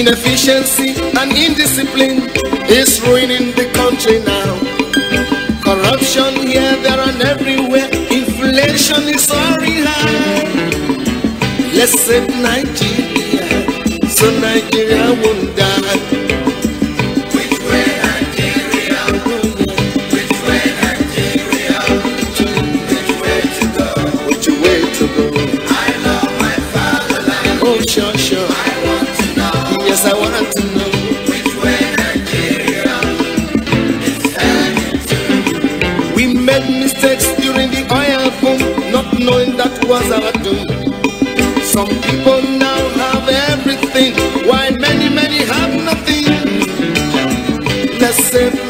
Inefficiency and indiscipline is ruining the country now. Corruption here, there, and everywhere. Inflation is soaring high. Let's save Nigeria so Nigeria won't Some people now have everything, Why many, many have nothing. Let's save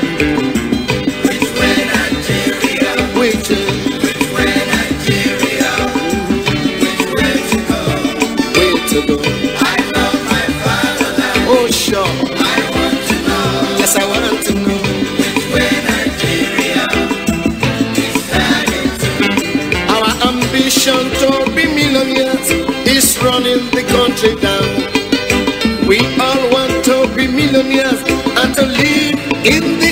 ambition to be millionaires is running the country down. We all want to be millionaires and to live in the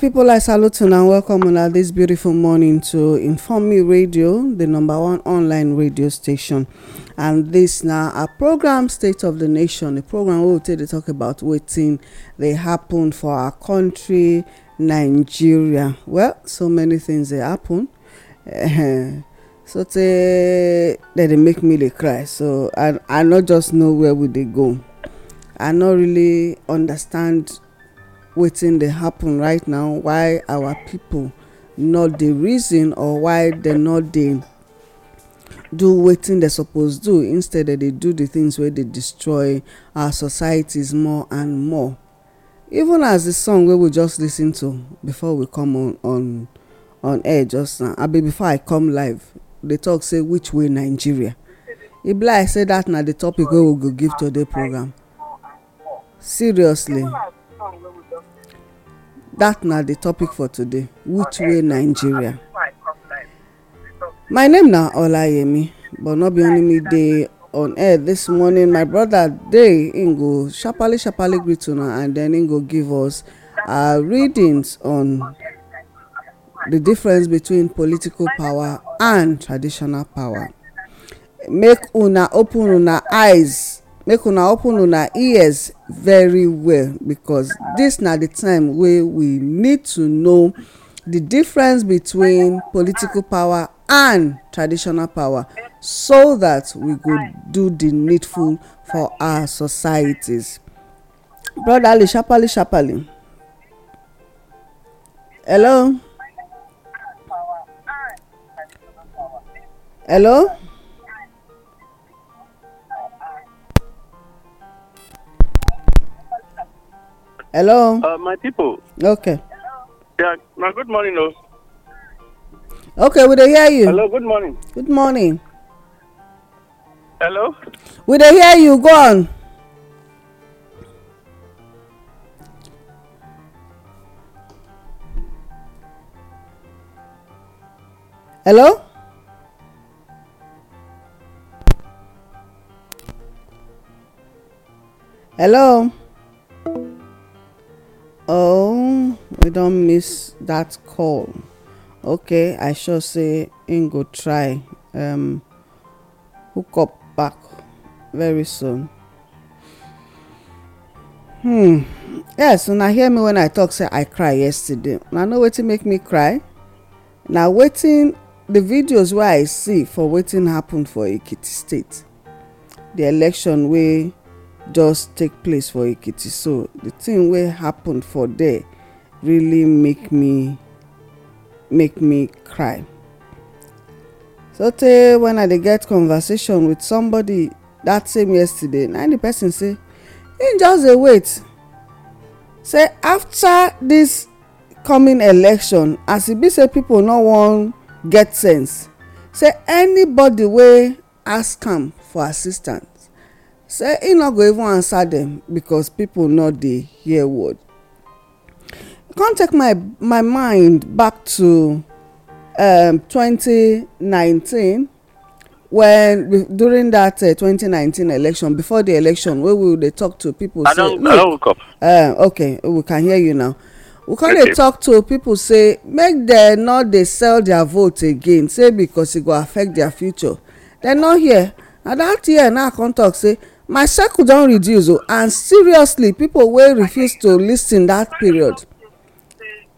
People, i salute you and welcome on this beautiful morning to inform me radio the number one online radio station and this now a program state of the nation a program where we take talk about waiting. They happen for our country nigeria well so many things they happen so they, they make me dey cry so i i not just know where would they go i not really understand wetin dey happen right now why our people no dey reason or why dem no dey do wetin dem suppose do instead dem dey do the things wey dey destroy our societies more and more even as the song wey we just lis ten to before we come on on on air just now abi before i come live dey talk say which way nigeria e be like say that na the topic wey we go give today program seriously that na the topic for today which way nigeria my name na olayemi but no be only me dey on air this morning my brother dey him go sharparly sharparly greet una and then him go give us our readings on the difference between political power and traditional power make una open una eyes make una open una ears very well because dis na the time wey we need to know the difference between political power and traditional power so that we go do the needful for our societies brother ali sharparly sharparly hello hello hello uh, my people okay yeah My good morning o okay we dey hear you hello good morning good morning hello we dey hear you go on hello hello oh we don't miss that call okay i sure say im go try um hook up back very soon hmm yes and I hear me when i talk say i cry yesterday Now, know wetin make me cry Now, waiting the videos where i see for waiting happened for ekiti state the election wey just take place for ekiti so the thing wey happen for there really make me make me cry sotey when i dey get conversation with somebody that same yesterday na the person say him just dey wait say after this coming election as e be say people no wan get sense say anybody wey ask am for assistance say e no go even answer dem because pipo no dey hear word come take my my mind back to 2019 um, when during that dat uh, 2019 election before the election where we dey talk to pipo say look um, okay we can hear you now we con dey talk to people say make dem no dey sell their vote again say because e go affect their future dem no hear na that year now i come talk say my cycle don reduce o and seriously people wey refuse to lis ten that period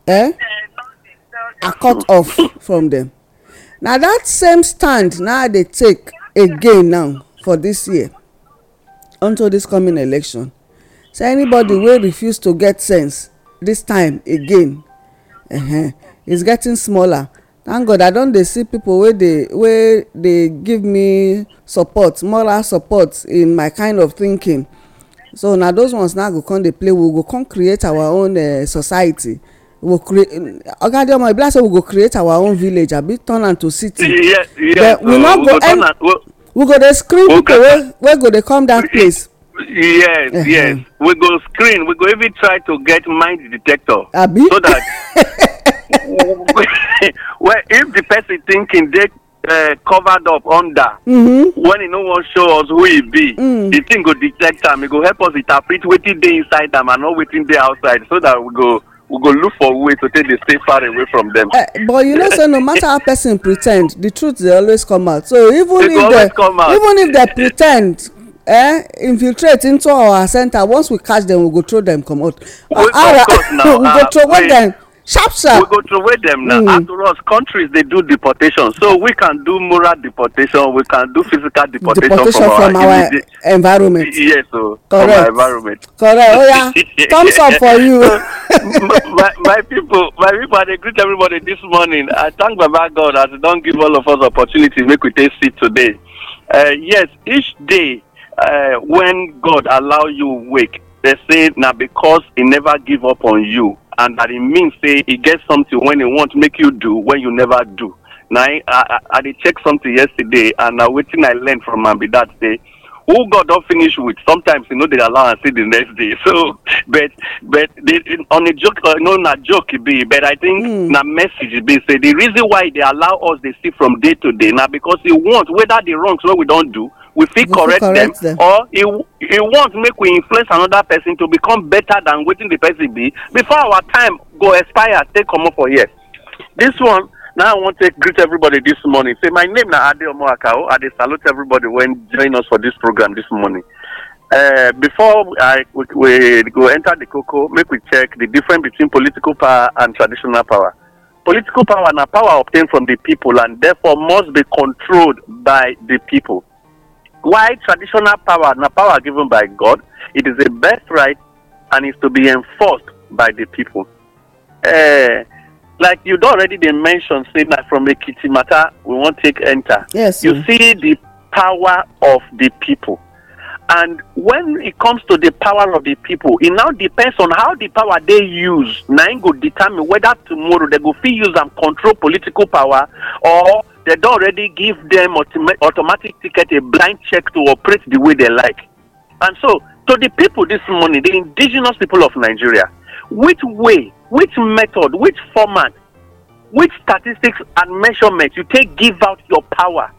eh i cut off from them. na that same stand na i dey take again now for this year until this coming election so anybody wey refuse to get sense this time again uh eh, -huh, eh, is getting smaller thank god i don dey see pipo wey dey wey dey give me support moral support in my kind of thinking so na those ones now go come dey play we go come create our own eh, society we create oga adeoma e be like say we go create our own village abi turn am to city but uh, we no go end we go dey screen pipo wey go dey come dat place yes yes we go screen we go even try to get mind detector so that. well, if the person thinking they uh, covered up under mm-hmm. when he no one show us who he be mm. the thing go detect am He go help us interpret waiting day inside them and not waiting day outside so that we go we go look for way to take dey stay far away from them. Uh, but you know so no matter how person pretend, the truth they always come out so even they if they even if they pretend, eh, infiltrate into our center once we catch them we go throw them comot. Uh, we, our, we go throw uh, ah, them sharp sharp. we go throway dem now mm. after us countries dey do deportation so we can do moral deportation we can do physical deportation, deportation from, from our, our environment. yes o correct. from our environment. correct oya oh, thumbs up for you. Oh. my my people my people i dey greet everybody this morning i thank baba god as he don give all of us opportunity make we take seat today uh, yes each day uh, when god allow you wake they say na because he never give up on you and that it means say e gets something when e want make you do when you never do Now i i, I dey check something yesterday and na wetin i learned from am that day: who god don't finish with sometimes you know they allow am see the next day so but but the on a joke uh, no not joke e be but i think mm. na message be say the reason why they allow us they see from day to day now because e want whether the wrongs what we don't do we fit correct, correct them, them or he he want make we influence another person to become better than wetin the person be before our time go expire take comot for here this one now i wan take greet everybody this morning say my name na ade omoakao i dey salute everybody wey join us for this program this morning uh, before I, we, we go enter the cocoa, make we check the difference between political power and traditional power. Political power na power obtained from the people and therefore must be controlled by the people. Why traditional power and power given by God, it is a birthright and is to be enforced by the people. Uh, like you already mentioned, say that from the Kitimata, we won't take enter. Yes. You see the power of the people. And when it comes to the power of the people, it now depends on how the power they use. Nine go determine whether tomorrow they go feel use and control political power or don't already give them automatic ticket, a blind check to operate the way they like. And so, to the people this morning, the indigenous people of Nigeria, which way, which method, which format, which statistics and measurements you take give out your power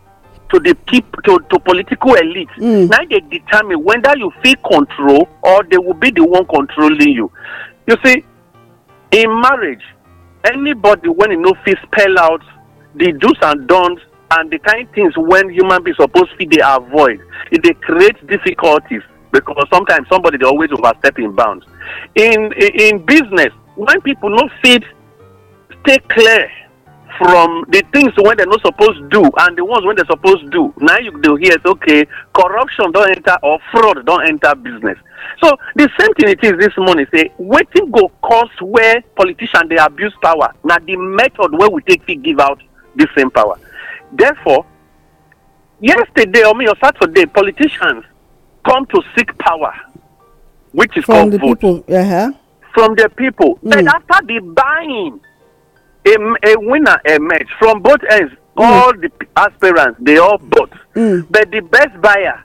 to the people to, to political elite. Mm. Now they determine whether you feel control or they will be the one controlling you. You see, in marriage, anybody when you know feel spell out the do's and don'ts and the kind things when human beings supposed to they avoid if they create difficulties because sometimes somebody they always overstep in bounds in in business when people not fit stay clear from the things when they're not supposed to do and the ones when they're supposed to do now you do hear it's okay corruption don't enter or fraud don't enter business so the same thing it is this morning say waiting go cause where politicians they abuse power now the method where we take to give out the same power. Therefore, yesterday or me on Saturday, politicians come to seek power, which is from the vote. people. Uh-huh. From the people. Mm. Then after the buying, a, a winner emerged from both ends. Mm. All the aspirants, they all bought. Mm. But the best buyer,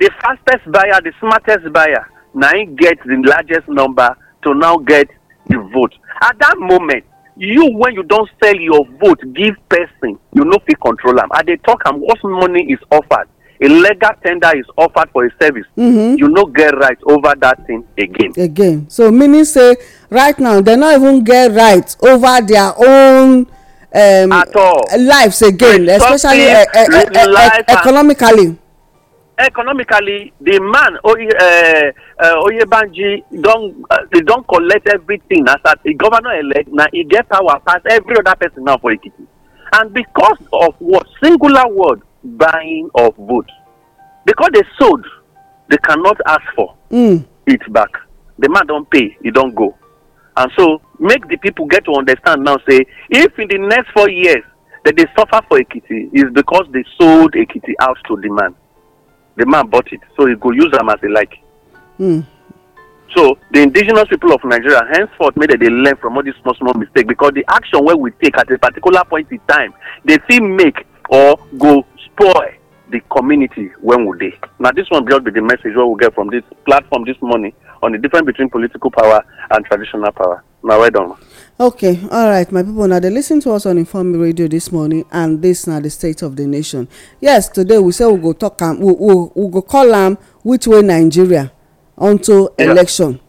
the fastest buyer, the smartest buyer, now get the largest number to now get the vote. At that moment, you when you don sell your vote give person you no fit control am i dey talk am What money is offered a legal tender is offered for a service mm-hmm. you no get right over that thing again again so meaning say right now dem no even get right over their own um, lives again especially eh, eh, eh, economically economically the man uh, uh, oyebanji don uh, eh, they don collect everything as at the governor elect na he get power pass every other person now for ekiti and because of what singular word buying of vote because they sold they cannot ask for mm. it back the man don pay he don go and so make the people get to understand now say if in the next four years that they suffer for ekiti is because they sold ekiti out to the man the man bought it so he go use am as he like. Mm. so the indigenous people of nigeria henceforth make dem dey learn from all these small small mistakes because the action wey we take at a particular point in time dey fit make or go spoil the community When we dey na this one just be the message wey we get from this platform this morning on the difference between political power and traditional power. Now, well done. Okay, all right, my people. Now, they listen to us on Inform Radio this morning, and this now the state of the nation. Yes, today we say we go talk am, um, we, we, we go call am um, which way Nigeria unto yeah. election.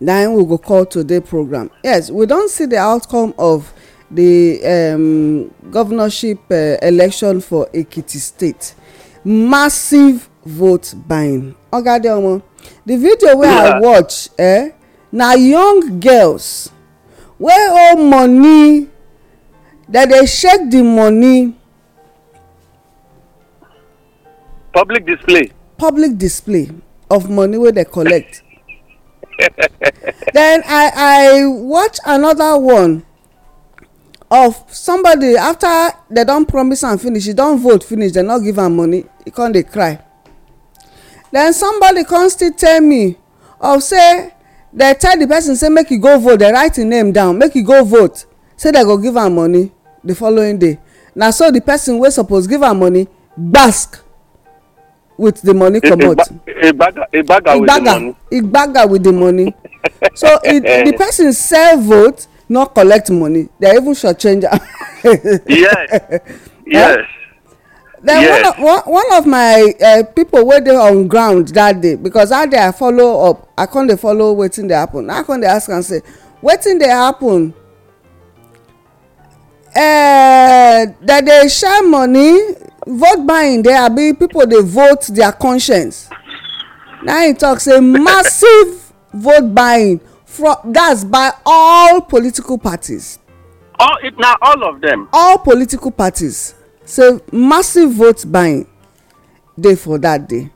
Then we go call today program. Yes, we don't see the outcome of the um, governorship uh, election for Ekiti State. Massive vote buying. Oga Adeomo. Okay, the video wey i watch eh na young girls wey hold money dem dey shake the money. public display. public display of money wey dem collect. then i i watch another one of somebody after dem don promise am finish e don vote finish dem no give am money e come dey cry then somebody come still tell me of say they tell the person say make e go vote they write im name down make e go vote say they go give am money the following day na so the person wey suppose give am money gbask with the money comot igbaga igbaga with the money so it, e, the person sell vote not collect money they even shortchange am. yes eh? yes. Eh? then yes. one, of, one, one of my uh, people wey dey on ground that day because how dey i follow up i come dey follow wetin dey happen i come dey ask am say wetin dey happen uh, eh, dem dey share money vote buying dey abi people dey vote their conscience na im talk say massive vote buying from that's by all political parties. all it na all of them. all political parties say massive vote buying dey for that day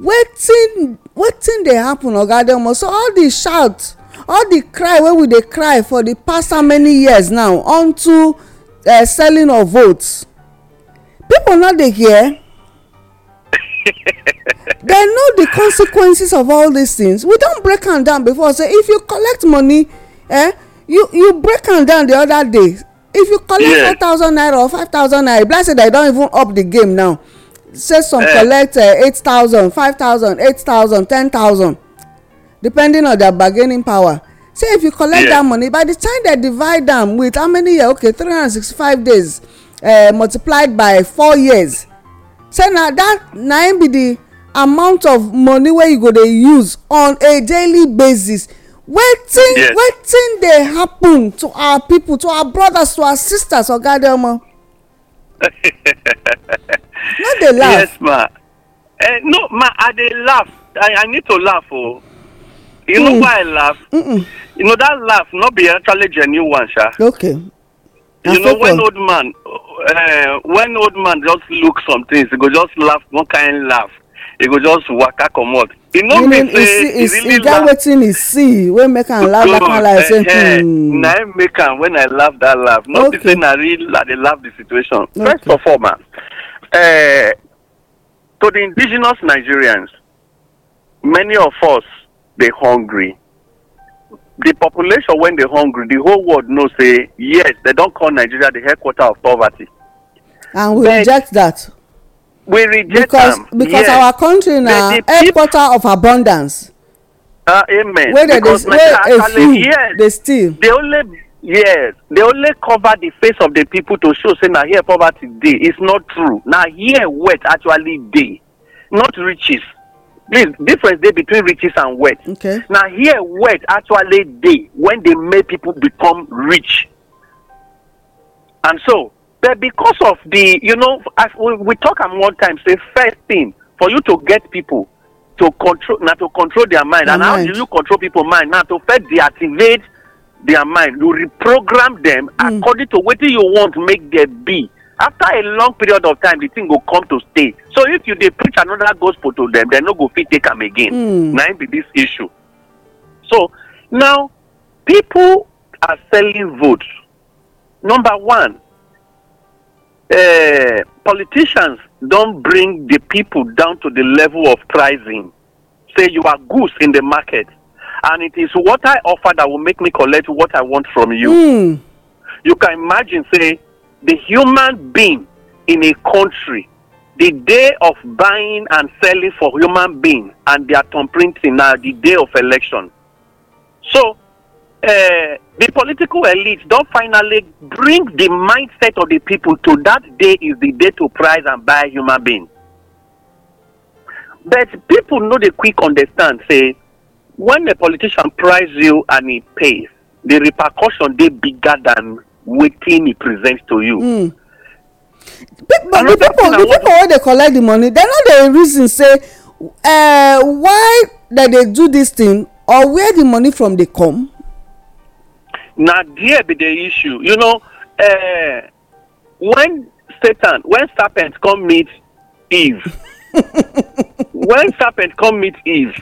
wetin wetin dey happen oga adeomo so all the shout all the cry wey we dey cry for the past how many years now unto eh, selling of votes People, no dey hear dem know the consequences of all these things we don break am down before say if you collect money eh you you break am down the other day if you collect thousand naira or thousand naira blessing dem don even up the game now say some eh. collect eh, eight thousand, thousand, five eight thousand, ten thousand, depending on their bargaining power say if you collect that money by the time they divide am with how many years okay three hundred sixty-five days eh, multiplied by four years say na na im be the amount of money wey you go dey use on a daily basis wetin yes. wetin dey happen to our people to our brothers to our sisters oga adeomo no dey laugh. yes ma eh, no ma i dey laugh I, i need to laugh o oh. you mm. know why i laugh mm -mm. you know that laugh no be actually genuine one sha. okay you know when old man uh, when old man just look some things he go just laugh one kind laugh he go just waka comot e no be say e really laugh. e get wetin e see wey make am laugh that kind laugh e say eh, hmm. Eh, na im make am when i laugh that laugh no be say na real i dey laugh the situation. first of all ma uh, to the indigenous nigerians many of us dey hungry the population when dey hungry the whole world know say yes they don call nigeria the headquarter of poverty. and we reject that we reject because, am because yes. our country na headquarter of abundance. Uh, amen wey dey dey wey a few yes, dey steal. the only yes they only cover the face of the people to show say na here poverty dey is not true na here wealth actually dey not riches please difference dey between riches and wealth. okay na here wealth actually dey when they make people become rich and so But because of the, you know, as we, we talk at one time, say first thing for you to get people to control, now to control their mind. Their and mind. how do you control people's mind? Now to first deactivate their mind. You reprogram them mm. according to what you want make them be. After a long period of time, the thing will come to stay. So if you they preach another gospel to them, they no go fit take them again. Mm. Now be this issue. So now people are selling votes. Number one, uh, politicians don't bring the people down to the level of pricing. Say you are goose in the market, and it is what I offer that will make me collect what I want from you. Mm. You can imagine, say, the human being in a country, the day of buying and selling for human being and their thumbprinting now the day of election. So Uh, the political elites don't finally bring the mindset of the people to that day is the day to price and buy human being. But people know they quick understand, say, when a politician prize you and he pays, the repercussion they bigger than waiting he presents to you. Mm. But, but the people, the people when they collect the money, they know the reason say uh, why that they do this thing or where the money from they come. Now, there be the issue. You know, uh, when Satan, when serpent come meet Eve, when serpent come meet Eve,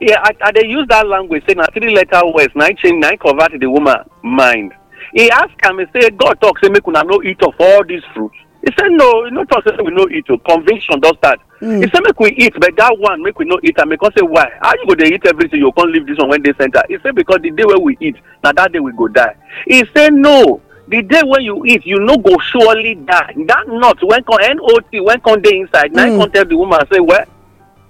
yeah, I, I they use that language saying three letter words, nine change, nine convert the woman mind. He ask am, he say, God talk, say make una no eat of all these fruits. He said, No, you know, talk say we no eat o. Oh. Conviction don start. Mm. He say Make we eat, but that one make we no eat and make us say why? How you go dey eat everything, you con leave this one when dey center? He said, Because the day wey we eat, na that day we go die. He said, No, the day wey you eat, you no go surely die. That nut when con NOT when come dey inside, mm. na hmm. con tell the woman say, Well,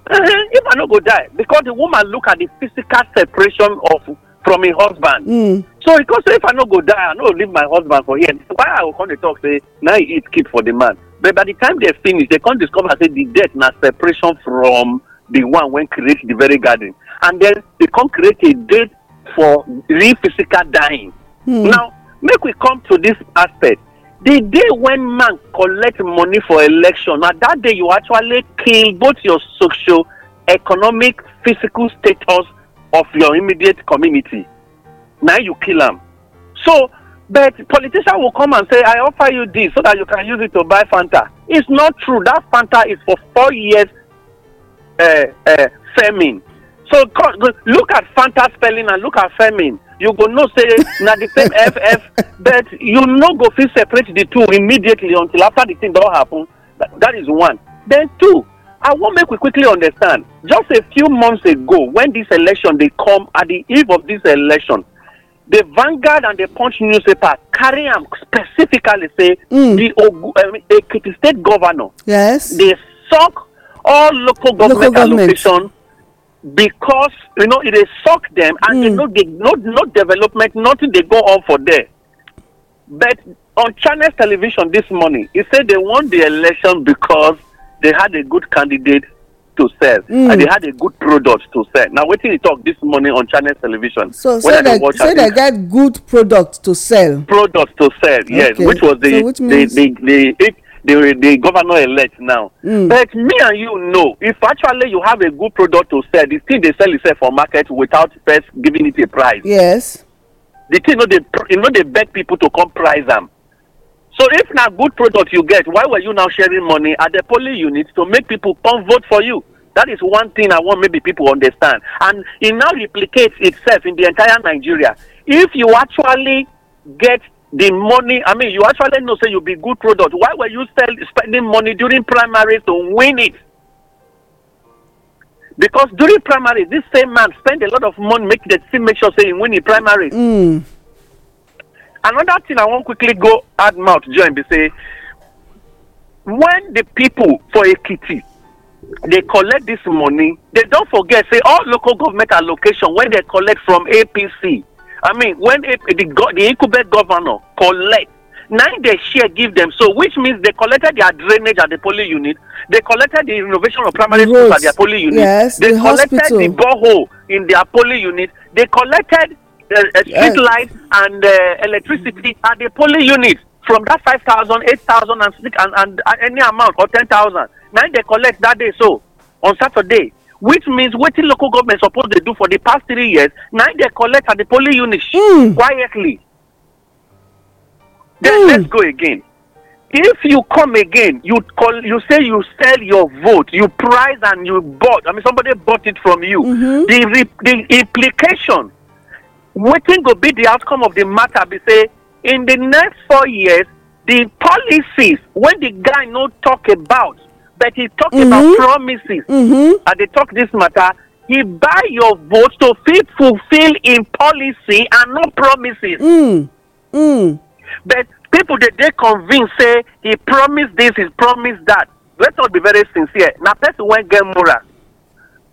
uh-huh, if I no go die, because the woman look at the physical separation of from im husband mm. so e come say if i no go die i no leave my husband for here why i go come dey talk say na e eat keep for the man but by the time they finish they come discover say the death na separation from the one wey create the very garden and then they come create a date for real physical dying hmm. now make we come to this aspect the day when man collect money for election na that day you actually kill both your socio economic physical status of your immediate community na you kill am so but politician will come and say i offer you this so that you can use it to buy fanta it's not true that fanta is for four years uh, uh, famine so look at fanta spelling and look at famine you go know say na the same ff but you no go fit separate the two immediately until after the thing don happen that, that is one then two I want make we quickly understand. Just a few months ago, when this election they come at the eve of this election, the Vanguard and the Punch newspaper carry am specifically say mm. the Ogu, um, state governor. Yes, they suck all local government, local government. allocation because you know it is suck them and mm. they hmm. no dey no no development nothing they go on for there. But on Chinese television this morning, he said they won the election because they had a good candidate to sell mm. and they had a good product to sell now wetin he talk this morning on channel television so say they say they get good product to sell product to sell okay. yes which was the so which means... the the the the, the governor elect now mm. but me and you know if actually you have a good product to sell the thing dey sell itself for market without first giving it a price yes the thing no dey you no know, dey beg people to come price am So if na good product you get, why were you now sharing money at the polling unit to make people come vote for you? That is one thing I want maybe people understand. And it now replicates itself in the entire Nigeria. If you actually get the money, I mean, you actually know say you be good product. Why were you sell, spending money during primary to win it? Because during primary, this same man spend a lot of money make the team make sure say he win the primary. Mm another thing i want quickly go add mouth join be say when the people for ekiti dey collect this money they don forget say all local government allocation wey dey collect from apc i mean when the the incubate governor collect na im dey share give them so which means they collected their drainage at the poly unit they collected the renovation of primary schools at their poly unit dey collected the borehole in their poly unit they collected uh, uh street yeah. light and uh, electricity are the polling unit from that 5,000, 8,000 and, and, and, uh, any amount or 10,000. Now they collect that day so on Saturday, which means what the local government supposed to do for the past three years, now they collect at the polling unit mm. quietly. Then mm. let's go again. If you come again, you call, you say you sell your vote, you price and you bought. I mean, somebody bought it from you. Mm-hmm. The, the implication wetin go be the outcome of the matter be say in the next four years the policies wey the guy no talk about but e tok about mm-hmm. promises mm-hmm. and they talk this matter He buy your vote to fit fulfill im policy and no promises mm. Mm. but people, dey dey convinced say he promise this, he promise that. let us be very sincere na person wey get moral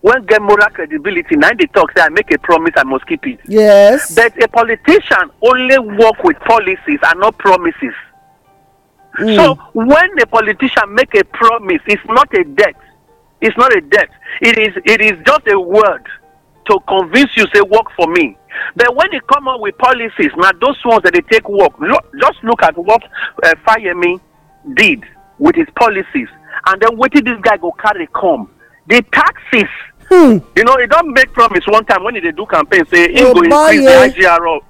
When get moral credibility nine they talk say i make a promise i must keep it yes but a politician only work with policies and not promises mm. so when a politician make a promise it's not a debt it's not a debt it is it is just a word to convince you say work for me but when they come up with policies now those ones that they take work look, just look at what uh, did with his policies and then wetin this guy go carry come the taxes Hmm. you know e don make promise one time when e dey do campaign say im go increase the igr up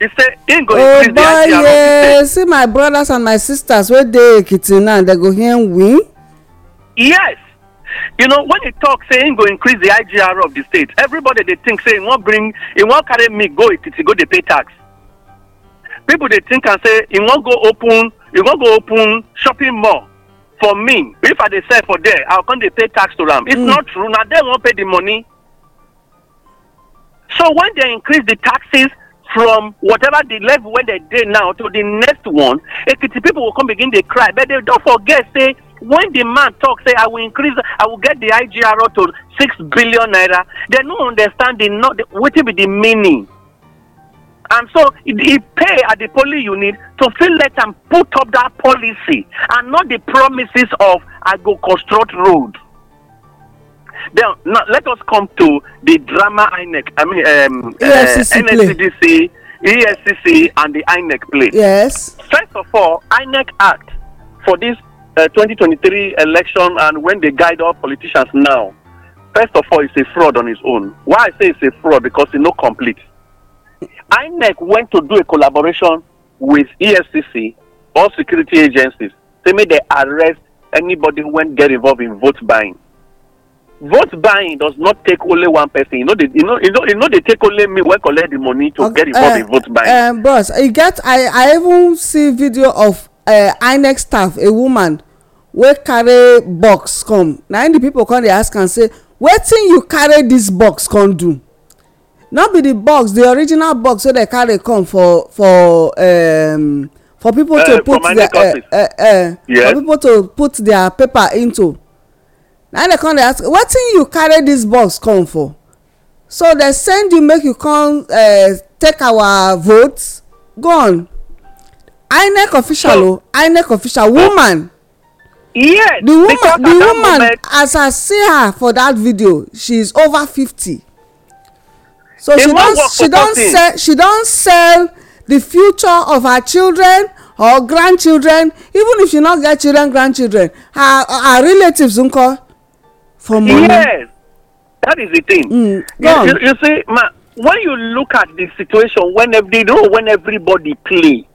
e say im go increase the igr up. obaye see my brothers and my sisters wey dey ekiti now dem go hear win. yes you know when e talk say im go increase the igr of the state everybody dey think say e wan bring e wan carry me go ekiti go dey pay tax people dey think and say e wan go open e wan go open shopping mall for me if i dey sell for there i come dey pay tax to am it's mm. not true na dem wan pay the money so when they increase the taxes from whatever the level wey they dey now to the next one ekiti people go come begin dey cry but they don't forget say when the man talk say i will increase i will get the igr to six billion naira they no understand the not. wetin be the meaning And so he pay at the poly unit to fill let and put up that policy and not the promises of I go construct road. Then now let us come to the drama INEC. I mean um uh, NSCDC, ESCC, and the INEC play. Yes. First of all, INEC Act for this uh, 2023 election and when they guide all politicians now, first of all, it's a fraud on its own. Why I say it's a fraud because it's not complete. INEC went to do a collaboration with ESCC or security agencies to make they arrest anybody who went get involved in vote buying vote buying does not take only one person You you know, know, you know, they take only me wey collect the money to get involved in uh, vote buying Uh, boss e get i i even see video of uh, inec staff a woman wey carry box come na any di pipo come dey ask am say wetin you carry dis box come do no be the box the original box wey dem carry come for for um, for people uh, to put their uh, uh, uh, yes. for people to put their paper into na dem come dey ask wetin you carry this box come for so dem send you make you come uh, take our vote go on inec official o oh. inec official woman. Oh. yes the woman the woman moment... as i see her for that video she is over fifty so she don she don sell she don sell the future of her children or grandchildren even if she no get children grandchildren her her relatives nko for money. yes that is the thing. Mm, you, you, you see ma when you look at the situation when they you know when everybody play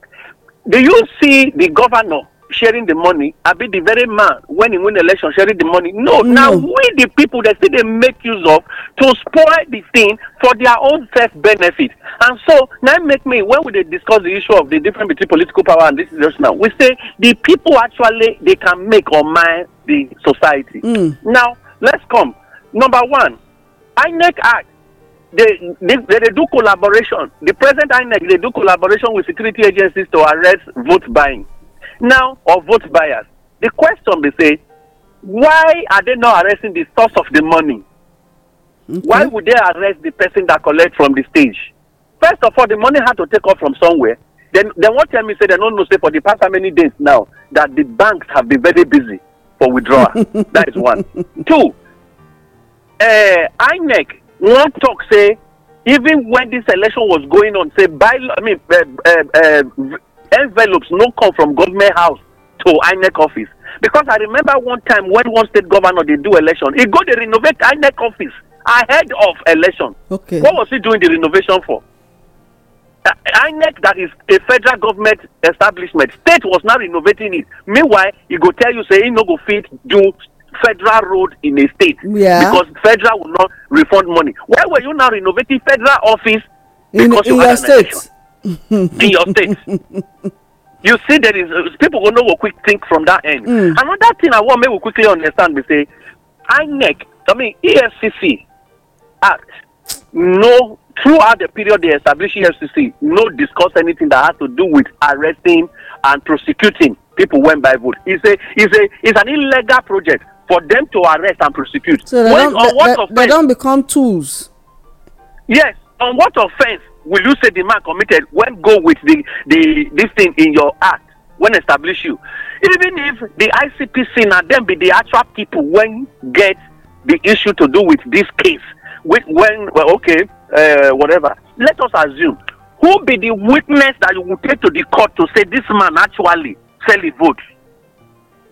do you see the governor sharing the money i be the very man when he win election sharing the money no, no. now we the people that still they make use of to spoil the thing for their own self benefit and so now make me when we they discuss the issue of the difference between political power and this just now we say the people actually they can make or mind the society. Mm. now let's come number one I make act they, they, they do collaboration the present inec they do collaboration with security agencies to arrest vote buying now or vote buyers the question be say why are they not arresting the source of the money okay. why would they arrest the person that collect from the stage first of all the money had to take off from somewhere then then what tell me say they don't know say for the past how many days now that the banks have been very busy for withdrawal that is one two uh, inec one talk say even when this election was going on say by i mean uh, uh, envelopes no come from government house to INEC office because I remember one time when one state governor dey do election e go dey renovate INEC office ahead of election. Okay. What was he doing the renovation for? Uh, INEC that is a federal government establishment state was now renovating it meanwhile e go tell you say e no go fit do federal road in a state. Yeah. because federal will not refund money why were you now renovating federal office. in, in your state. Election? in your state. You see, there is uh, people will know what quick think from that end. Mm. Another thing I want me to quickly understand, we say, INEC, I mean ESCC Act, no throughout the period they established ESCC, no discuss anything that has to do with arresting and prosecuting people went by vote. It's a it's a it's an illegal project for them to arrest and prosecute. So they, what don't, they, they, they don't become tools. Yes, on what offense will you say the man committed when go with the the this thing in your act when establish you even if the icpc na dem be the actual people when get the issue to do with this case with when well okay uh, whatever let us assume who be the witness that you will take to the court to say this man actually sell the vote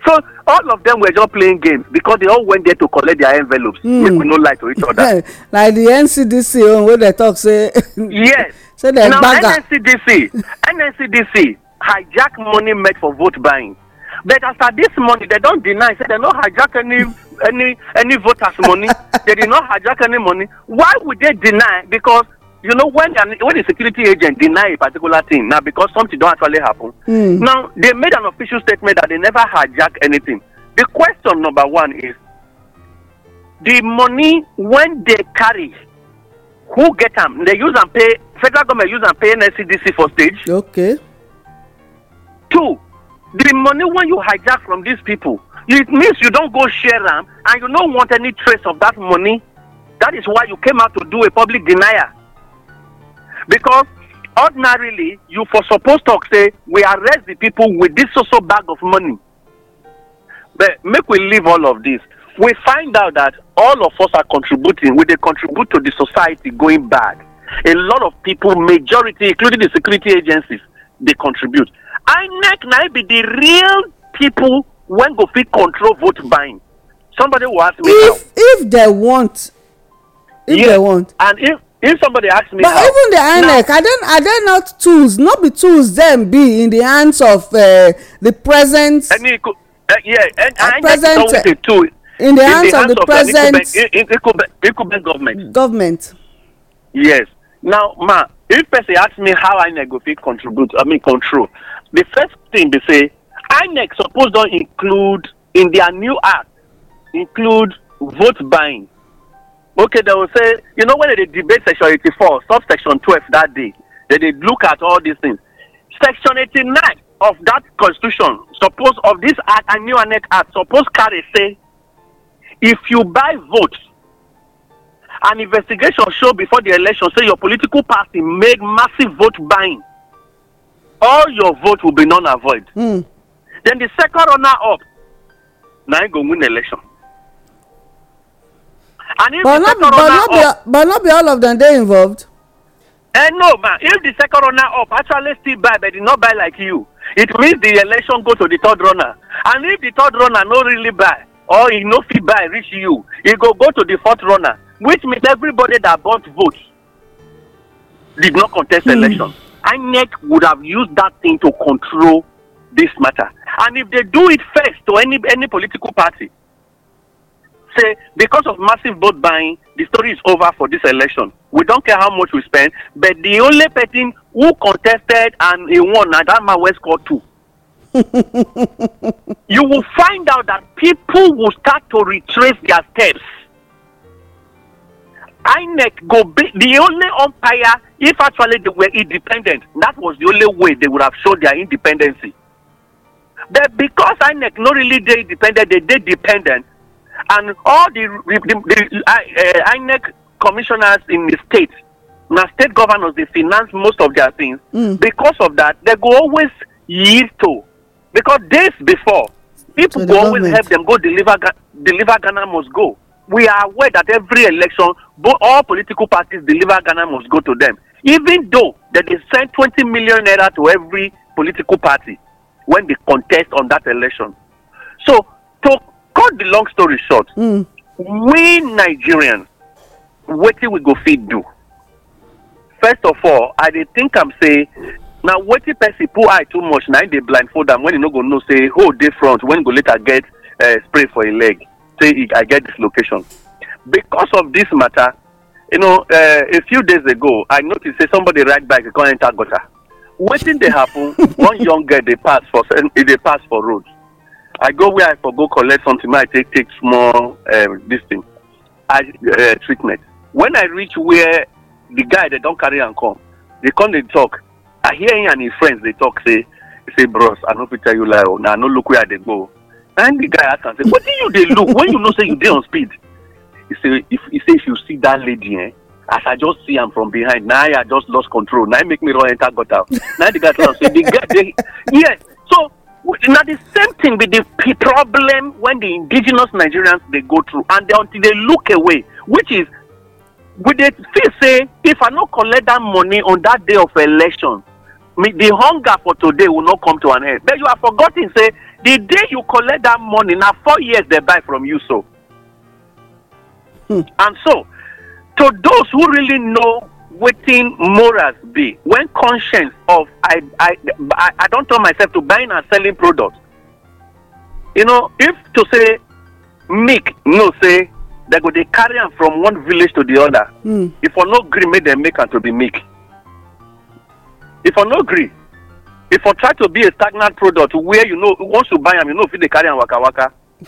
So all of them were just playing games because they all went there to collect their envelopes. Mm. Make we no lie to each other. like the NCDC own oh, wey dey talk say. yes. say dem banga. now NNCDC NNCDC hijack money made for vote buying but after this money they don deny say they no hijack any any any voters money They did not hijack any money why would they deny because you know when when a security agent deny a particular thing now because something don't actually happen. Mm. Now they made an official statement that they never hijack anything. The question number one is the money when they carry, who get them? They use and pay federal government use and pay NCDC for stage. Okay. Two, the money when you hijack from these people, it means you don't go share them and you don't want any trace of that money. That is why you came out to do a public denial because ordinarily you for supposed to say we arrest the people with this social so bag of money but make we leave all of this we find out that all of us are contributing we they contribute to the society going bad a lot of people majority including the security agencies they contribute I inec na be the real people when go fit control vote buying somebody will ask me if, if if they want if yes. they want and if if somebody ask me. but how, even the inec are they are they not tools no be tools dem be in the hands of uh, the present. ẹni ikú eh, yeah inec is always a tool. in the in hands the hands of the of present. Eh, eh, incumbent incumbent government. government. yes now ma if person ask me how inec go fit contribute i mean control the first thing be say inec suppose don include in their new act include vote buying okay they will say you know when they debate section 84 subsection 12 that day they did look at all these things section 89 of that constitution suppose of this act and new annex act suppose carry say if you buy votes, an investigation show before the election say your political party make massive vote buying all your vote will be non-avoid mm. then the second runner-up na him go win election and if but the second runner up. but no be all of them. dey involved. Eh, no ma if the second runner up actually still buy but e no buy like you it means the election go to the third runner and if the third runner no really buy or he no fit buy reach you e go go to the fourth runner which means everybody that bought vote did not contest mm. election inec would have used that thing to control this matter and if they do it first to any any political party say because of massive vote buying, the story is over for this election. We don't care how much we spend, but the only person who contested and he won na that man wey score two. you will find out that people will start to retrace their steps. INEC go be the only umpire if actually they were independent that was the only way they would have showed their independency. But because INEC not really dey independent they dey dependent and all the the, the uh, INEC commissioners in the state, now state governors, they finance most of their things. Mm. Because of that, they go always yield to, because days before, people go always help them go deliver deliver Ghana must go. We are aware that every election, all political parties deliver Ghana must go to them. Even though that they send 20 million naira to every political party when they contest on that election. So to cut the long story short mm. we nigerians wetin we go fit do first of all i dey think am say na wetin person put eye too much na im dey blindfold am when e no go know say hole oh, dey front when e go later get uh, spray for im e leg say e, i get dislocation because of this matter you know uh, a few days ago i notice say somebody ride bike e come enter gutter wetin dey happen one young girl dey pass for e dey pass for road i go where i for go collect something make i take take small um, this thing I uh, treatment when i reach where the guy dem don carry am come dey come dey talk i hear him and him friends dey talk say say bros i no fit tell you lie o oh. na i no look where i dey go and the guy ask am say wetin you dey look when you know say you dey on speed he say if he say if you see that lady eh as i just see am from behind na i just lost control na im make me run enter gutter na the guy tell am say the guy dey yes so Now the same thing with the problem when the indigenous Nigerians they go through, and they, until they look away, which is, we they feel say if I not collect that money on that day of election, me, the hunger for today will not come to an end. But you are forgetting say the day you collect that money, now four years they buy from you so. Hmm. And so, to those who really know waiting morals be when conscience of I, I i i don't tell myself to buying and selling products you know if to say meek no say they go they carry them from one village to the other mm. if I no gree make dem make and to be meek if I no green, if I try to be a stagnant product where you know once you buy them, you know if they carry am waka waka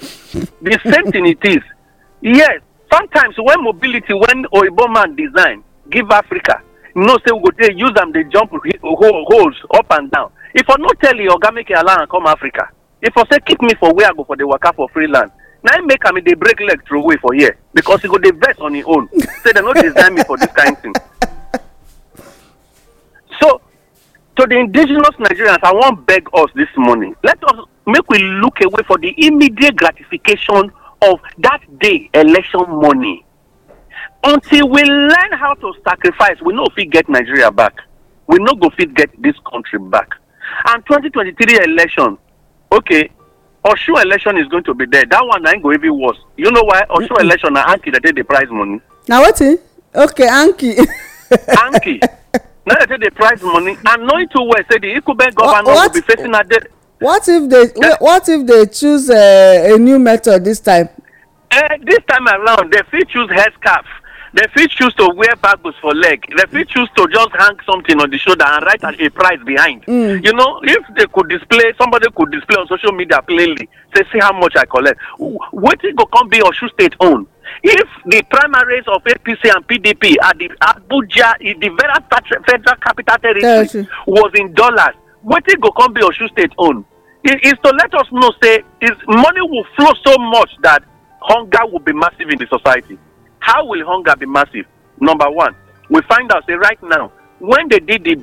the same thing it is yes sometimes when mobility when oyibo man design give africa you know say we go dey use am dey jump holes up and down e for no tell e oga make e allow am come africa e for say keep me for where i go for dey waka for free land na im make am dey break leg throwaway for here because he go dey vex on im own say dem no design me for dis kind thing. so to the indigenous nigerians i wan beg us this morning let us make we look away for the immediate gratification of that day election money until we learn how to sacrifice we no fit get nigeria back we no go fit get dis country back and 2023 election okay osun election is going to be there that one na im go even worse you know why osun election na anki dey take the prize money. na wetin okay anki. anki na dey take the prize money and knowing too well say the incumbent governor what, go be facing ade. what if they yeah. what if they choose uh, a new method this time. Uh, this time around they fit choose headscarf They fit choose to wear bagos for leg. They fit choose to just hang something on the shoulder and write a price behind. Mm. You know, if they could display, somebody could display on social media plainly, say, see how much I collect. What it go come be Osun State own? If the primaries of APC and PDP at the Abuja, in the very federal capital territory, was in dollars, what it go come be Osun State own? It is to let us know, say, is money will flow so much that hunger will be massive in the society. How will hunger be massive? Number one, we find out say right now, when they did the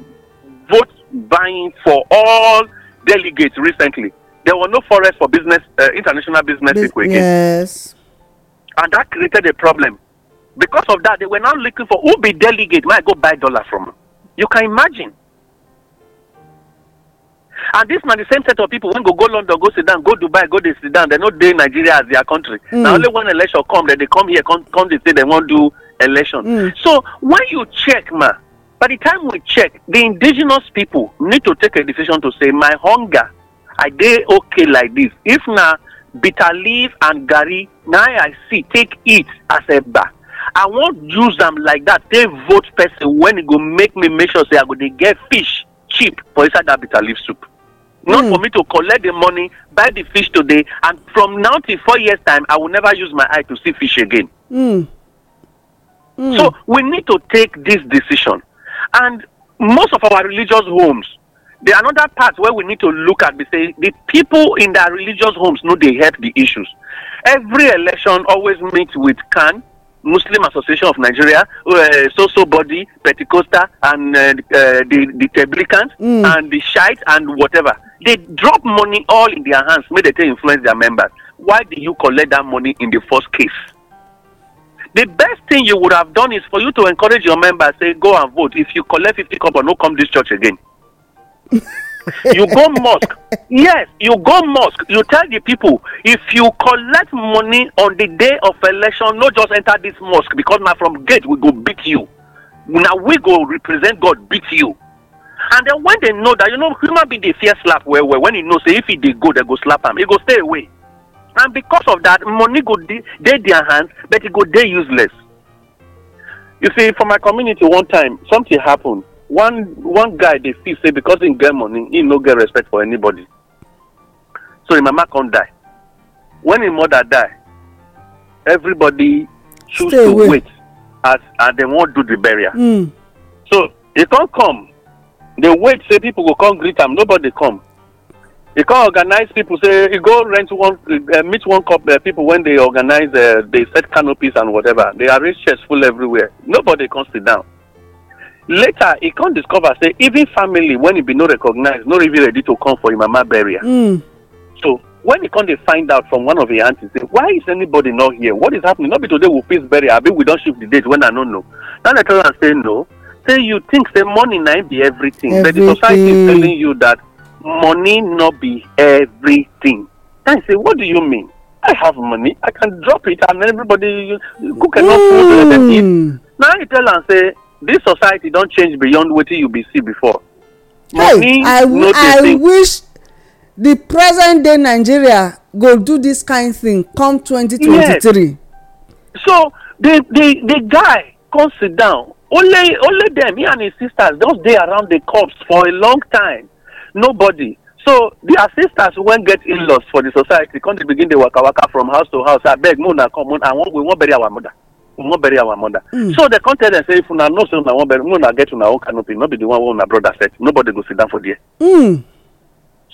vote buying for all delegates recently, there were no forests for business, uh, international business Bus- in Yes. And that created a problem. Because of that, they were now looking for who be delegate. Might go buy dollar from. You can imagine and this man, the same set of people, wey go go london go sit down go dubai go dey sit down dem no dey nigeria as their country hmm. na only when election come dem dey come here come come dey say dem wan do election hmm. so when you check ma by the time we check the indigenous people need to take a decision to say my hunger i dey okay like this. if na bitter leaf and garri na i see take eat as eba i wan use am like that. take vote person when e go make me make sure say i go dey get fish cheap for inside dat bitter leaf soup Not mm. for me to collect the money, buy the fish today, and from now till four years' time, I will never use my eye to see fish again. Mm. Mm. So we need to take this decision. And most of our religious homes, the another part where we need to look at be say the people in their religious homes know they help the issues. Every election always meets with can Muslim Association of Nigeria, uh, so-so body, Pentecostal, and uh, the uh, the Tablicans mm. and the Shite and whatever. They drop money all in their hands, make they take influence their members. Why did you collect that money in the first case? The best thing you would have done is for you to encourage your members, say, go and vote. If you collect fifty cup or no come this church again. you go mosque yes you go mosque you tell the people if you collect money on the day of election no just enter this mosque because na from gate we go beat you na we go represent god beat you and then when they know that you know human being dey fear slap well well when he know say if he dey go they go slap am He go stay away and because of that money go dey dey their hands but e go dey useless you see for my community one time something happen one one guy dey feel say because him get money him no get respect for anybody so him mama come die when him mother die everybody choose Stay to away. wait as as dem wan do the burial mm. so e come come dey wait say people go come greet am nobody come e come organize people say e go rent one uh, meet one couple uh, people when they organize uh, they set canopies and whatever they arrange chairs full everywhere nobody come sit down later he come discover say even family when he bin no recognize no even ready to come for im mama burial hmm. so when he come dey find out from one of im aunties say why is anybody not here what is happening no be today we fix bury. abi we don shift the date When i no know now dem tell am say no say you think say money na be everything but the society is telling you that money no be everything then i say what do you mean i have money i can drop it and everybody cook enough food and then eat hmm. na i tell am say This society don change beyond wetin you be see before hey i i wish the present day nigeria go do this kind thing come 2023 yes so the the the guy come sit down only only them. he and his sisters just dey around the corpse for a long time nobody so dia sisters wen get in laws for the society come dey begin dey waka waka from house to house abeg una come i we wan bury our mother wọn bury our mother. Mm. so they come tell them say if una know say una wan bury una get una own canopy no be the one wey una brother set nobody go sit down for there. Mm.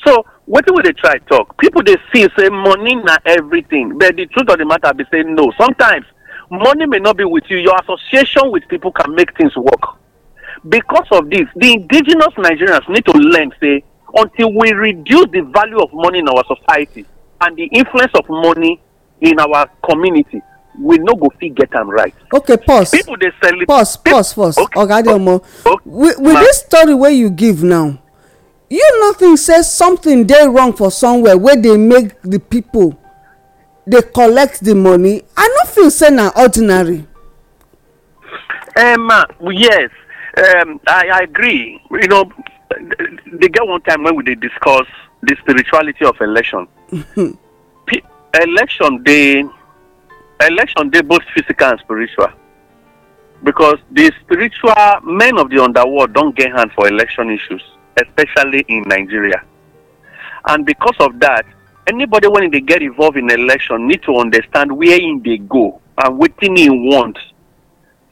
so wetin we dey try talk people dey see say money na everything but the truth of the matter be say no sometimes money may not be with you your association with people can make things work because of this the indigenous nigerians need to learn say until we reduce the value of money in our society and the influence of money in our community we no go fit get am right okay pause people dey celebrate pause pause pause oga adeomo with this story wey you give now you no think say something dey wrong for somewhere wey dey make the people dey collect the money i no feel say na ordinary um, yes um, I, I agree you know they get one time when we dey discuss the spirituality of election election dey election day both physical and spiritual because the spiritual men of the underworld don't get hand for election issues especially in nigeria and because of that anybody when they get involved in election need to understand where in they go and what thing he want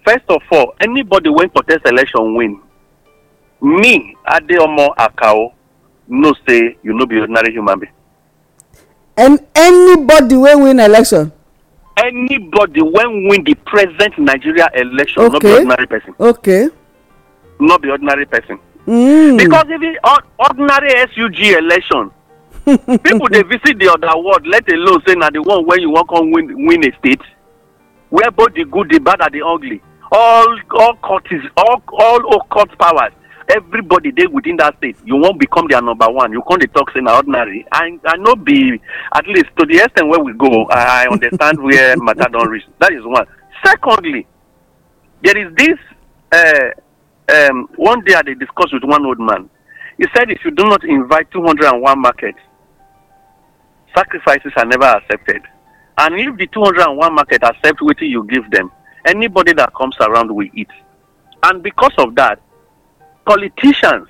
first of all anybody when contest election win me adeomo akao no say you no be ordinary human being and anybody wey win election anybody when win the present nigeria election okay. not be ordinary person okay not be ordinary person mm. because even ordinary sug election people dey visit the other world let alone say na the one wey you wan come win win a state where both the good the bad and the ugly all all court is all all court powers everybody dey within that state you wan become their number one you come dey talk say na ordinary i i no be at least to the extent where we go i, I understand where matter don reach that is one secondly there is this uh, um, one day i dey discuss with one old man he said if you do not invite two hundred and one markets sacrifices are never accepted and if the two hundred and one market accept wetin you give them anybody that comes around will eat and because of that politicians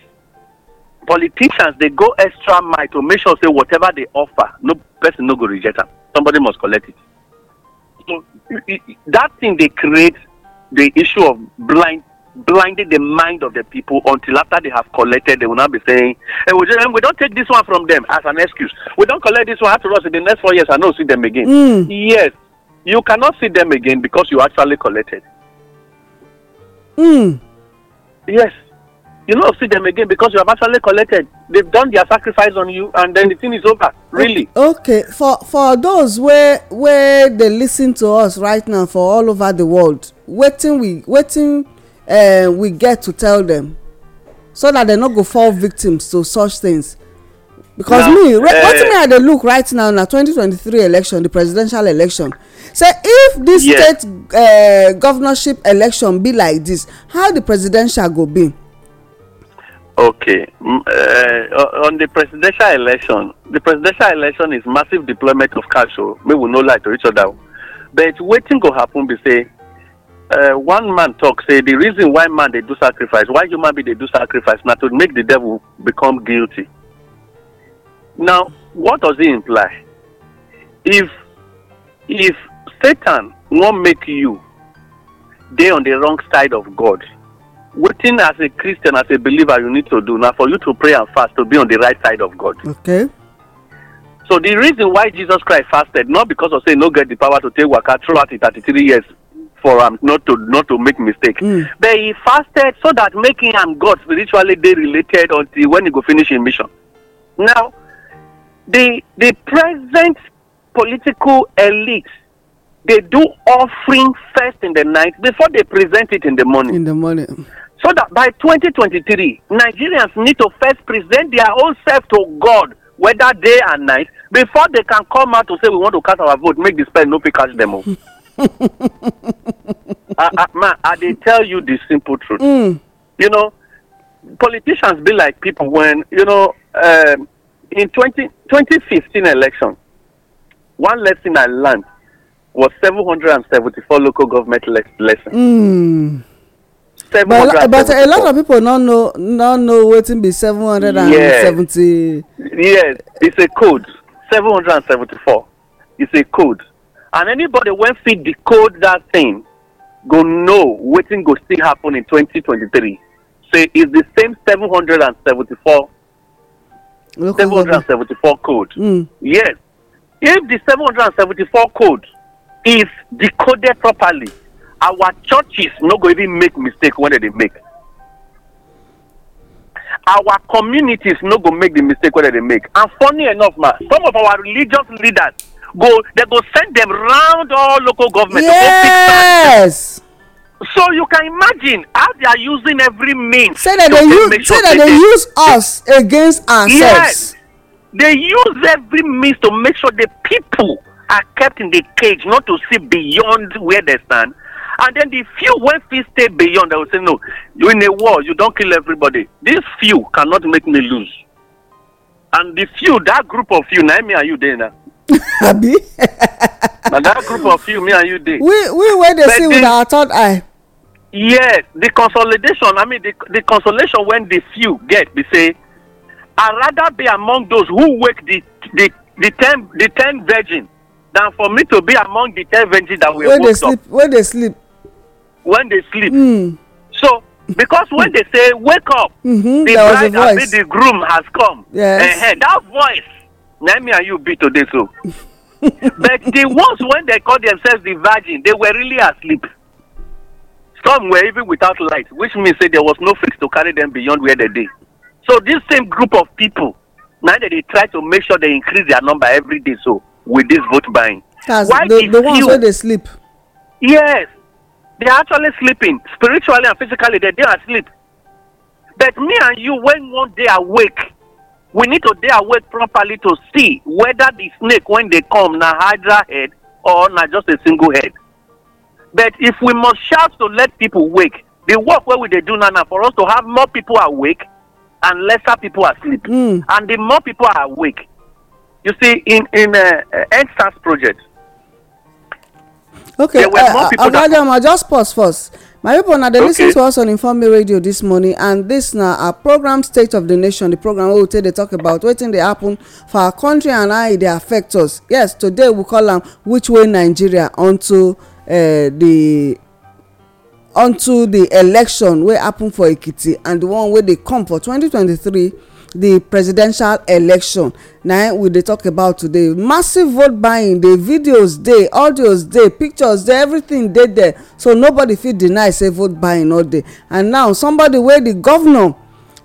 politicians they go extra mile to make sure say whatever they offer no person no go reject them. somebody must collect it so that thing they create the issue of blind blinding the mind of the people until after they have collected they will not be saying hey, we, just, we don't take this one from them as an excuse we don't collect this one after us in the next four years i no see them again mm. yes you cannot see them again because you actually collected mm. yes you not see them again because you have actually collected they've done their sacrifice on you and then the thing is over really. okay for for those wey wey dey lis ten to us right now for all over the world wetin we wetin uh, eh, we get to tell them so that they no go fall victims to such things because now, me uh, eh, wetin me i dey look right now na 2023 election the presidential election say if this yes. state uh, governorship election be like this how the presidential go be. Okay. Uh, on the presidential election, the presidential election is massive deployment of cash, so we will no lie to each other. But waiting go happen, We say, uh, one man talk say the reason why man they do sacrifice, why human being they do sacrifice, not to make the devil become guilty. Now, what does it imply? If if Satan won't make you they on the wrong side of God, waiting as a christian as a believer you need to do now for you to pray and fast to be on the right side of god okay so the reason why jesus christ fasted not because of say no get the power to take waka throughout the thirty-three years for am um, not to not to make mistake mm. but he fasted so that making am god spiritually dey related until when he go finish him mission now the the present political elite they do offering first in the night before they present it in the morning. In the morning so that by 2023 nigerians need to first present their own self to god whether day and night before they can come out to say we want to cast our vote make the spend no fit catch them o. I, I, ma, I dey tell you the simple truth. Mm. You know, politicians be like people when, you know, um, in 20, 2015 election, one lesson I learned was 774 local government le- lesson. Mm seven hundred. but a lot of people no know no know wetin be seven hundred and seventy. yes it's a code seven hundred and seventy-four it's a code and anybody wey fit decode that thing go know wetin go still happen in twenty twenty-three say it's the same seven hundred and seventy-four. seven hundred and seventy-four code. Mm. yes if the seven hundred and seventy-four code is decoded properly our churches no go even make mistake wey dem dey make our communities no go make the mistake wey dem dey make and funny enough ma some of our religious leaders go they go send them round all local government yes. to go fix that so you can imagine how they are using every means say that they use sure say that they, they use us they, against ourselves yes they use every means to make sure the people are kept in the cage not to see beyond where they stand and then the few wey fit stay beyond they will say no you in a war you don kill everybody these few cannot make me lose and the few that group of few na me and you dey na. abi. na that group of few me and you dey. we we wey dey see with our third eye. yes the consolidation i mean the the consolation when the few get be say i rather be among those who wake the the the ten the ten virgin than for me to be among the ten virgin that were woke up. wey dey sleep wey dey sleep. when they sleep. Mm. So because when they say wake up, mm-hmm, the bride and the groom has come. Yes. Uh-huh, that voice, let me and you be today so. but the ones when they call themselves the virgin, they were really asleep. Some were even without light, which means that there was no fix to carry them beyond where they did. So this same group of people, now that they try to make sure they increase their number every day, so with this vote buying. Why the, the ones few, they sleep. Yes, they are actually sleeping spiritually and physically. They, they are asleep. But me and you, when one day awake, we need to day awake properly to see whether the snake, when they come, na hydra head or na just a single head. But if we must shout to let people wake, the work where we they do now, for us to have more people awake and lesser people asleep. Mm. And the more people are awake, you see, in in uh, uh, End Stars project, okay uh, uh, oga just pause first my pipo na dey listen to us on inform radio this morning and this now our uh, program state of the nation The program wey we take dey talk about wetin dey happen for our country and how they e affect us yes today we call them which way nigeria unto the unto the election wey happen for ekiti and the one where they come for 2023 The presidential election na we dey talk about today massive vote buying dey videos dey audios dey pictures dey everything dey there so nobody fit deny say vote buying no dey and now somebody wey the governor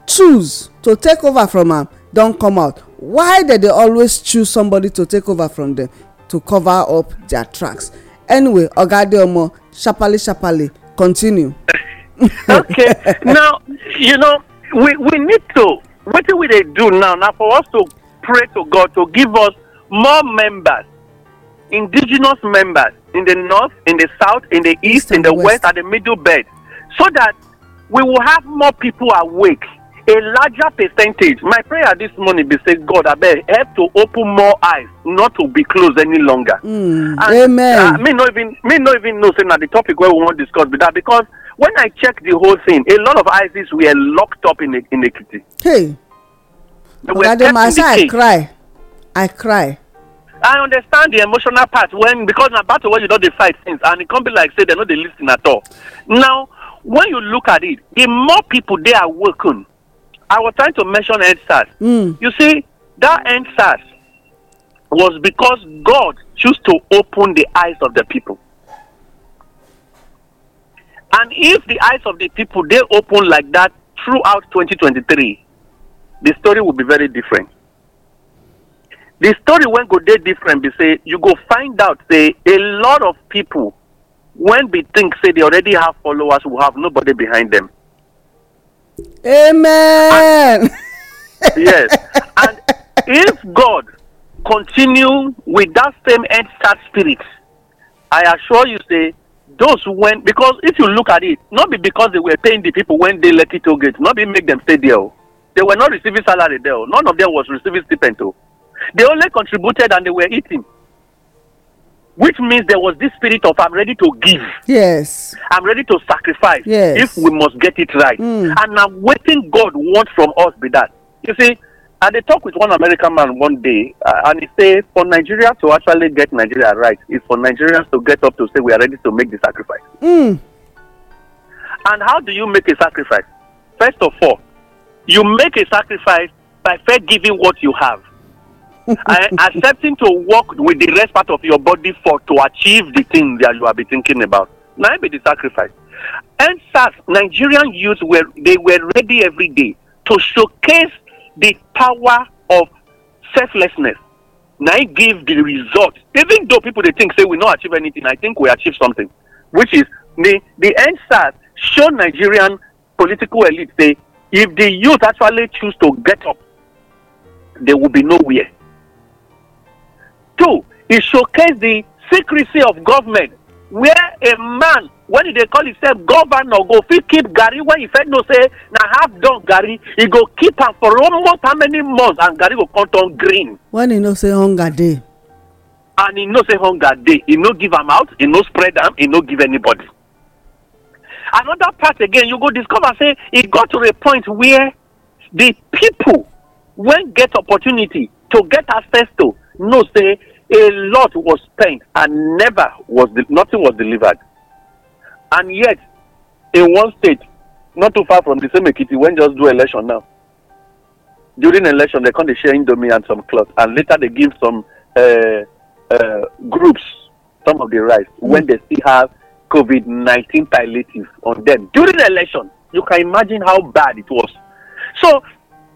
choose to take over from am don come out why dem dey always choose somebody to take over from them to cover up their tracks anyway oga adeomo sharparly sharparly continue okay now you know we we need to what do we they do now? Now for us to pray to God to give us more members, indigenous members in the north, in the south, in the east, in the west, west the middle belt, so that we will have more people awake a larger percentage. My prayer this morning be say, God, I beg, help to open more eyes, not to be closed any longer. Mm, and, amen. Uh, me not even me not even know saying that the topic where we want to discuss with that because when I check the whole thing, a lot of ISIS were locked up in iniquity. in Ekiti. Hey, Ogademasa, I cry, I cry. I understand the emotional part when because na battle wey you don dey fight since and it e can't be like say they're not the lis ten at all. Now when you look at it, the more people they are awoken I was trying to mention NSAS. Mm. You see, that NSAS was because God chose to open the eyes of the people. And if the eyes of the people they open like that throughout 2023, the story will be very different. The story won't go they different, be say you go find out say a lot of people when we think say they already have followers who have nobody behind them. Amen. And, yes. And if God continue with that same end start spirit, I assure you, say, those who went, because if you look at it, not be because they were paying the people when they let it to get, not be make them stay there. Oh. They were not receiving salary there. Oh. None of them was receiving stipend. Oh. They only contributed and they were eating which means there was this spirit of i'm ready to give yes i'm ready to sacrifice yes if we must get it right mm. and i'm waiting god wants from us be that you see i they talk with one american man one day uh, and he say for nigeria to actually get nigeria right is for nigerians to get up to say we are ready to make the sacrifice mm. and how do you make a sacrifice first of all you make a sacrifice by giving what you have I, accepting to work with the rest part of your body for to achieve the thing that you have been thinking about. Now be the sacrifice. And SAS, Nigerian youth were they were ready every day to showcase the power of selflessness. Now I give the result. Even though people they think say we no achieve anything, I think we achieve something, which is the the NSAS show Nigerian political elite say if the youth actually choose to get up, there will be nowhere. Two, it showcased the secrecy of government where a man when they call himself governor go fit keep garri when he said no say na half done Gary, he go keep him for almost how many months and Gary go come turn green. when he no say hunger day, and he no say hunger day, he no give him out he no spread him, he no give anybody. another part again you go discover say it got to a point where the people won't get opportunity to get access to know say a lot was spent and never was de- nothing was delivered and yet in one state not too far from the same ekiti when just do election now during election they come dey share indomie and some cloth and later they give some uh, uh, groups some of the rice mm. when they still have covid nineteen palliative on them during election you can imagine how bad it was so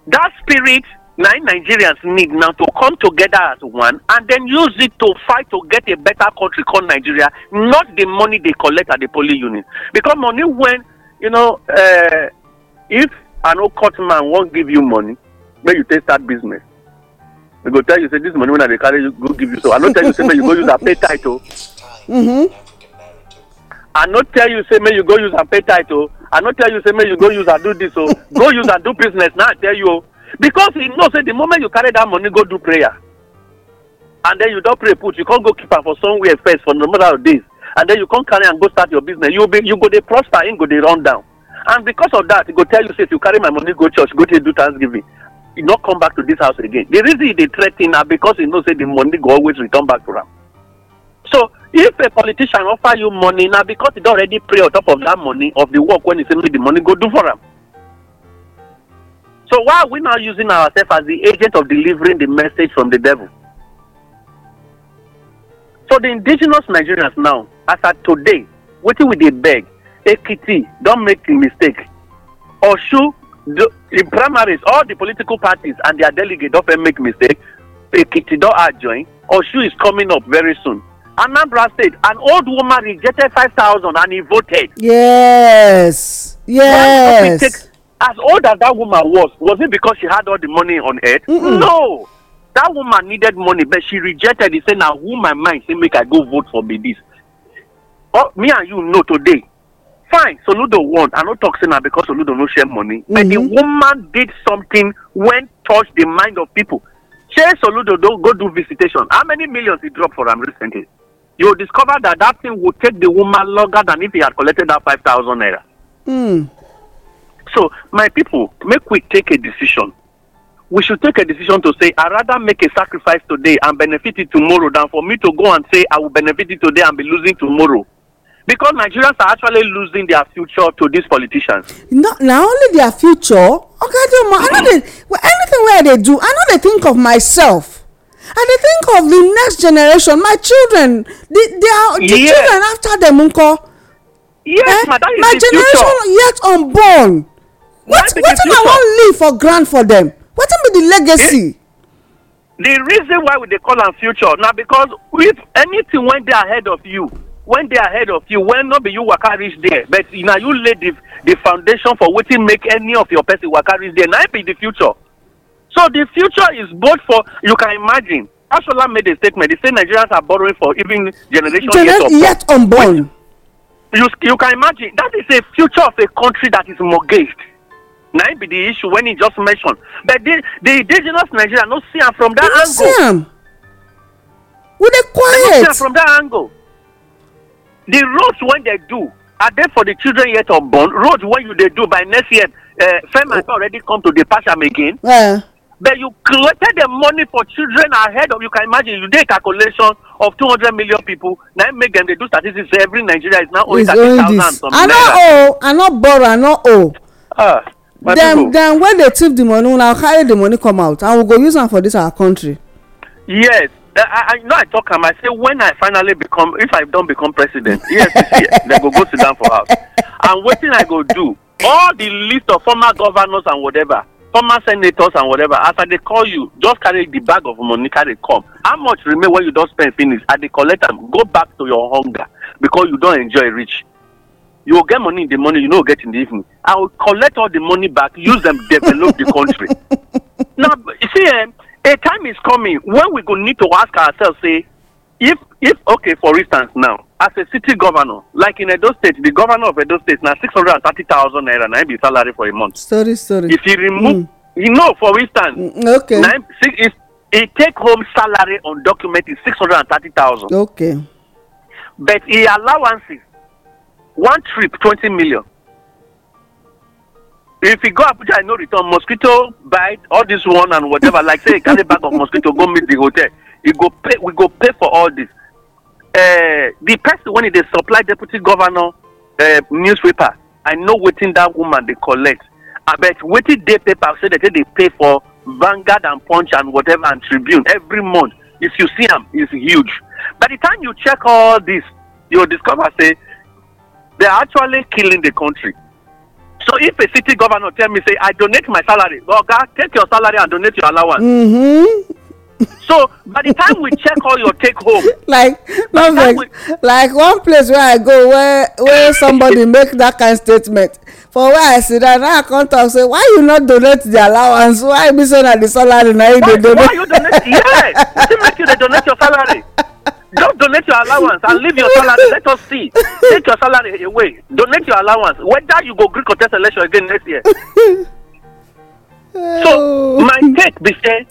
that spirit nine Nigerians need now to come together as one and then use it to fight to get a better country called Nigeria, not the money they collect at the polling unit. Because money when, you know, uh, if an old court man won't give you money, make you take start business. They go tell you, say, this money when I carry you, go give you so. I don't tell you, say, make you go use and pay title. Mm-hmm. I not tell you, say, make you go use and pay title. I not tell you, say, make you go use and do this. So go use and do business. Now I tell you, because he know say the moment you carry that money go do prayer and then you don pray put you come go keep am for somewhere first for no matter of days and then you come carry am go start your business you be you go dey prosper him go dey run down and because of that he go tell you say if you carry my money go church go take do thanksgiving he no come back to this house again the reason he dey threa ten na because he know say the money go always return back to am so if a politician offer you money na because he don already pray on top of that money of the work wey he say make the money go do for am So why are we now using ourselves as the agent of delivering the message from the devil? So the indigenous Nigerians now, as at today, wetin we dey beg, Ekiti don't make the mistake. Osun, the, the primaries, all the political parties and their delegates don make mistake. Ekiti don adjoin. Oshu is coming up very soon. Anambra State, an old woman rejected five thousand and he voted. Yes, yes. Why as old as that woman was, was it because she had all the money on earth? Mm-mm. No. That woman needed money, but she rejected it, saying, Now, who my mind say, make I go vote for me this. Oh, me and you know today. Fine, Soludo won. I no talk say na because Soludo no share money. Mm-hmm. But the mm-hmm. woman did something when touch the mind of people. Shey Soludo don go do visitation. How many millions he drop for am recently? You will discover that that thing would take the woman longer than if he had collected that five thousand naira. Mm. So, my people, make we take a decision. We should take a decision to say, i rather make a sacrifice today and benefit it tomorrow than for me to go and say, I will benefit it today and be losing tomorrow. Because Nigerians are actually losing their future to these politicians. No, not only their future. Okay, I I know they, well, anything where they do, I know they think of myself. and they think of the next generation my children the their the yes. children after them nko. yes eh? madam you see future my generation yet unborn What? wetin i wan leave for ground for dem wetin be the legacy the reason why we dey call am future na because if anything wey dey ahead of you when dey ahead of you when no be you waka reach there but na you lay the the foundation for wetin make any of your person waka reach there na be the future so the future is both for you can imagine Ashola made a statement he say Nigerians are borrowing for even generation Gener yet unborn you, you can imagine that is a future of a country that is mortgaged na be the issue when he just mentioned but the the indigenous nigeria no see am from that angle see am we dey quiet they no see am from that angle the roads wey dem do are dey for the children yet unborn roads wey you dey do by next year uh, eh, fairman oh. already come to dey pass am again yeah. but you created the money for children ahead of you can imagine you dey calculation of two hundred million people now. make them they do statistics every nigeria is now only thirty thousand i no owe i no borrow i no owe. Uh. Ah dem dem wey dey thief di money una carry di money come out and we go use am for dis our country. yes i I know i talk am i say when i finally become if i don become president yes, dem go go sit down for house and wetin i go do all di list of former governors and whatever former senators and whatever as i dey call you just carry di bag of money carry come how much remain when you don spend finish i dey collect am go back to your hunger because you don enjoy reach you get money in the morning you no know, get in the evening i will collect all the money back use them develop the country now you see eh a time is coming when we go need to ask ourselves say if if okay for instance now as a city governor like in edo state the governor of edo state na six hundred and thirty thousand naira na him be salary for a month. sorry sorry if he remove. Mm. you know for instance. Mm, mm okay. na six is he take home salary on document is six hundred and thirty thousand. okay. but he allowances one trip twenty million if he go abuja you no return mosquito bite all this one and whatever like say you carry bag of mosquito go meet the hotel you go pay we go pay for all this uh, the person when he dey supply deputy governor uh, newspaper i know wetin that woman dey collect abeg wetin dey paper say dey take dey pay for vanguard and punch and whatever and tribune every month if you see am it's huge by the time you check all this you discover say They are actually killing the country. So if a city governor tell me, say, I donate my salary, well, God, take your salary and donate your allowance. Mm-hmm. so by the time we check all your take home. like no we... like one place where i go where where somebody make that kind of statement for where i sit down now i come talk say why you not donate the allowance why be say na the salary Now you dey donate. why you donate yes wetin make you dey donate your salary. Just donate your allowance and leave your salary. Let us see. Take your salary away. Donate your allowance. Whether you go gree contest election again next year. so my take be say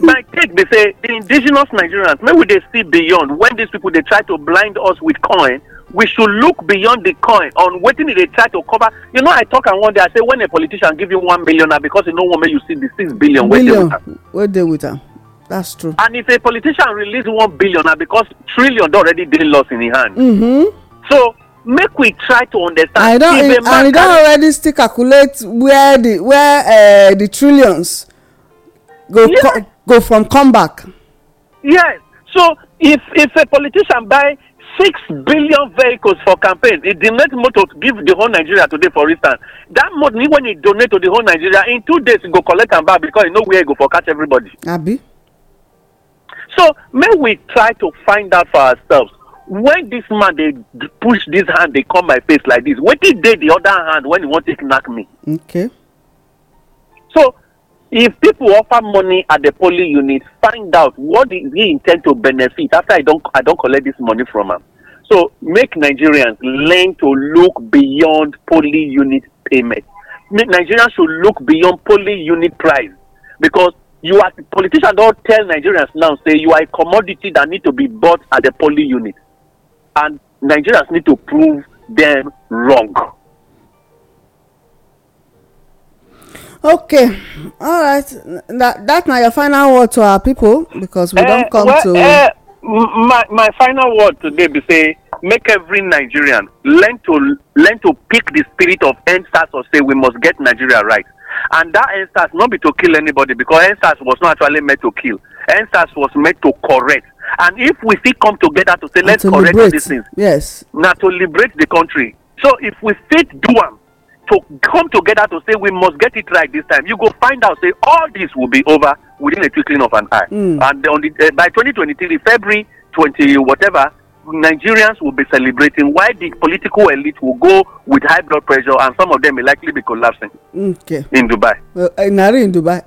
my take be say the indigenous nigerians make we dey see beyond when these people dey try to blind us with coin we should look beyond the coin on wetin e dey try to cover you know i talk am one day i say when a politician give you one million na because e no wan make you see the six billion wey dey with am that's true and if a politician release one billion na because trillion don already dey lost in him hand mm-hmm. so make we try to understand i don and e don already still calculate where the where uh, the trillions go yes. co go from come back. yes so if if a politician buy six billion vehicles for campaign he donate motor give the whole nigeria today for instance that money wey he donate to the whole nigeria in two days he go collect am back because he know where he go for catch everybody. abi. So may we try to find out for ourselves when this man they push this hand, they come my face like this. What did they the other hand when he want to knock me? Okay. So if people offer money at the poly unit, find out what is he intend to benefit after I don't I don't collect this money from him. So make Nigerians learn to look beyond poly unit payment. Nigerians should look beyond poly unit price because you are politicians don tell nigerians now say you are a commodity that need to be bought at the poly unit and nigerians need to prove them wrong. okay all right that that na your final word to our people because we uh, don eh, come well, to. Uh, my my final word today be say make every nigerian learn to learn to pick the spirit of end endsars or say we must get nigeria right And that NSAS not be to kill anybody because NSAS was not actually meant to kill. NSAS was meant to correct. And if we still come together to say and let's to correct liberate. these things, yes, now to liberate the country. So if we fit do them to come together to say we must get it right this time, you go find out say all this will be over within a twinkling of an eye. Mm. And on the, uh, by 2023 February 20 whatever Nigerians will be celebrating why the political elite will go with high blood pressure and some of them may likely be collapsing. Okay. In Dubai. Uh, in, in Dubai.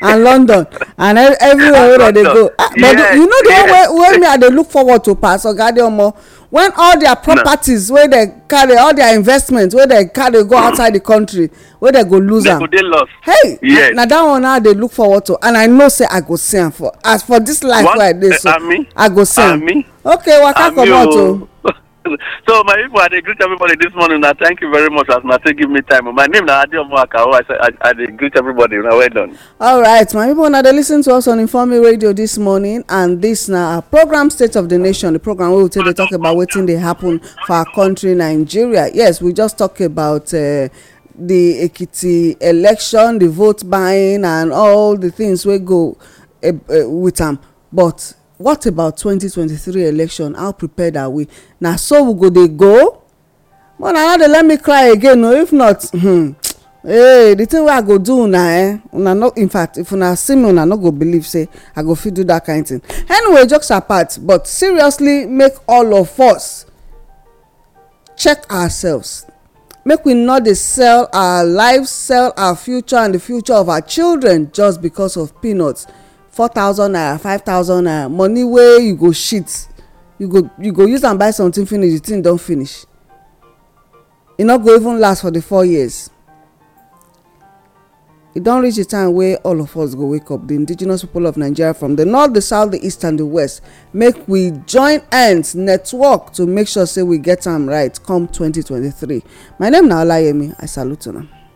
and London and everywhere where they go. Ah, yes, but you know the yes. one where, where me I dey look forward to pass Pastor Gadeomo when all their properties no. wey dem carry all their investments wey dem carry go outside the country wey dem go lose am. dem hey yes. na, that one i dey look forward to and i know say i go see am for as for this life wey i dey eh, so uh, i go see am. okay waka comot o so my people i dey greet everybody this morning na thank you very much as una take give me time my name na adeomo akawo i say i dey greet everybody una well done. all right my people una dey lis ten to us on informe radio this morning and this na our program state of the nation the program wey we take dey talk about wetin dey happen for our country nigeria yes we just talk about. Uh, the ekiti election the vote buying and all the things wey go uh, uh, with am but what about 2023 election how prepared are we na so we go dey go but na now dey let me cry again o if not hmm, hey the thing wey i go do una eh una no in fact if una see me una no go believe say i go fit do that kind of thing anyway jokes apart but seriously make all of us check ourselves make we no dey sell our lives sell our future and the future of our children just because of peanuts four thousand naira five thousand naira money wey you go shit you go you go use am buy something finish the thing don finish e no go even last for the four years e don reach the time wey all of us go wake up the indigenous people of nigeria from the north the south the east and the west make we join hands network to make sure say we get am right come 2023 my name na olayemi i salute una.